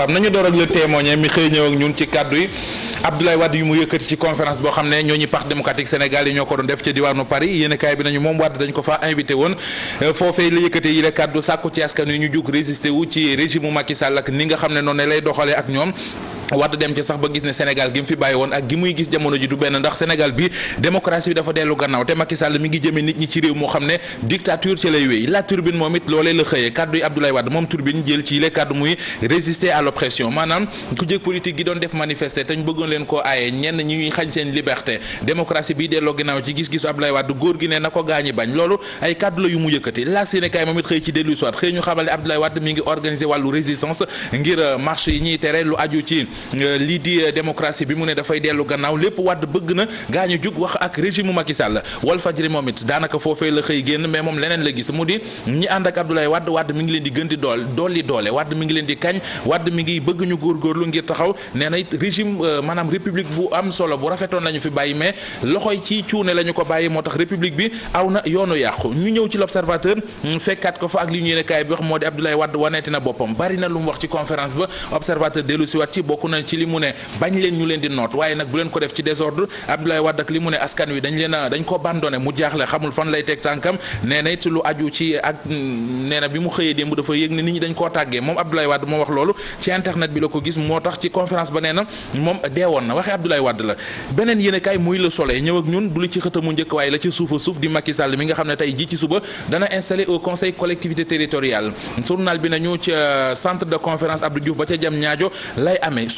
waaw nañu door ak le témoigné mi xëy ñëw ñun ci kàddu yi Abdoulaye Wade yu mu yëkkati ci conférence boo xam ne ñooñu Parti démocratique Sénégal yi ñoo ko doon def ca diwaanu Paris yéenekaay bi nañu moom Wade dañ ko faa invité woon euh, foofee la yëkkate yi la kàddu sàkku ci askan yi ñu jug résister wu ci régime Macky Sall ak ni nga xam ne noonu lay doxalee ak ñoom Wade dem ci sax ba gis ne Sénégal gi mu fi bàyyi woon ak gi muy gis jamono ji du benn ndax Sénégal bi démocratie bi dafa dellu gannaaw te Macky Sall mi ngi jëme nit ñi ci réew moo xam ne dictature ci lay wéy la turbine moom it loolee la xëyee kaddu yi Abdoulaye Wade moom turbine jël ci yile kaddu muy résister à l'oppression maanaam ku jëkk politique gi doon def manifester te ñu bëggoon leen ko aaye ñenn ñi ñuy xañ seen liberté démocratie bi delloo gannaaw gis-gisu Abdoulaye Wade góor na ko gaañi bañ loolu ay kaddu la yu mu yëkkati la Sénégal moom it xëy ci dellu soir xëy ñu xamale Abdoulaye Wade euh, lu aju ci Euh, lii di euh, démocratie bi mu ne dafay dellu gannaaw lépp wàdd bëgg na gaañu jug wax ak régime Macky Sall Walfadjri moom it daanaka foofee la xëy génn mais moom leneen la gis mu di ñi ànd ak Abdoulaye Wade Wade mi ngi leen di gën di dool doole Wade mi ngi leen di kañ Wade mi ngi bëgg ñu góorgóorlu ngir taxaw nee na it régime euh, maanaam république bu am solo bu rafetoon la fi bàyyi mais loxoy ci cuune la ko bàyyi moo tax république bi aw na yoonu yàqu na ci li mu ne bañ leen ñu leen di noot waaye nag bu leen ko def ci désordre Abdoulaye Wade ak li mu ne askan wi dañ ko abandonné mu jaaxle xamul fan lay teg tànkam nee na lu aju ci ak nee bi mu xëyee démb dafa yëg nit ñi dañ koo tàggee moom Abdoulaye Wade moo wax loolu ci internet bi la ko gis moo tax ci conférence ba nee moom deewoon na waxe Abdoulaye Wade la beneen yéen muy Le Soleil ñëw ñun du ci xëtamu njëkk waaye la ci suufa suuf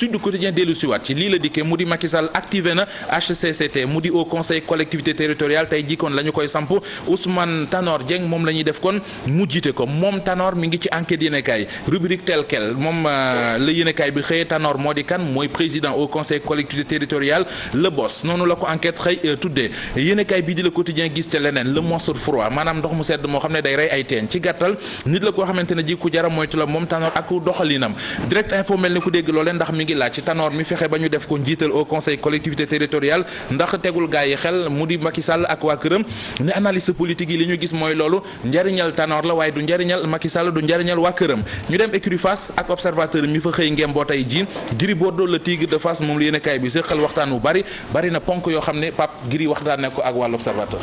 Sud Quotidien dellu si waat ci lii la dikkee mu di Macky Sall na HCCT mu di au conseil collectivité territoriale tey jii kon la ñu koy samp Ousmane Tanor Dieng moom la ñuy def kon mu jiite ko moom Tanor mi ngi ci enquête yéenekaay rubrique tel quel moom euh, la yéenekaay bi xëyee Tanor moo di kan mooy président au conseil collectivité territoriale le boss noonu la ko enquête xëy euh, tuddee yéenekaay bi di le quotidien gis te leneen le monstre froid maanaam ndox mu sedd moo xam ne day rey ay teen ci gàttal nit la koo xamante ne ji ku jaram moytu la moom Tanor ak doxalinam mi ngi laaj ci Tanor mi fexe ba ñu def ko njiital au conseil collectivité territoriale ndax tegul gaa yi xel mu di Macky Sall ak waa këram ne analyste politique yi li ñu gis mooy loolu njariñal Tanor la waaye du njariñal Macky Sall du njariñal waa këram ñu dem écurie Fass ak observateur mi fa xëy ngem boo tey ji Gris Bordeaux le tigre de Fass moom li yéen a kaay bi séqal waxtaan bu bari bari na ponk yoo xam ne Pape Gris waxtaan ne ko ak wàllu observateur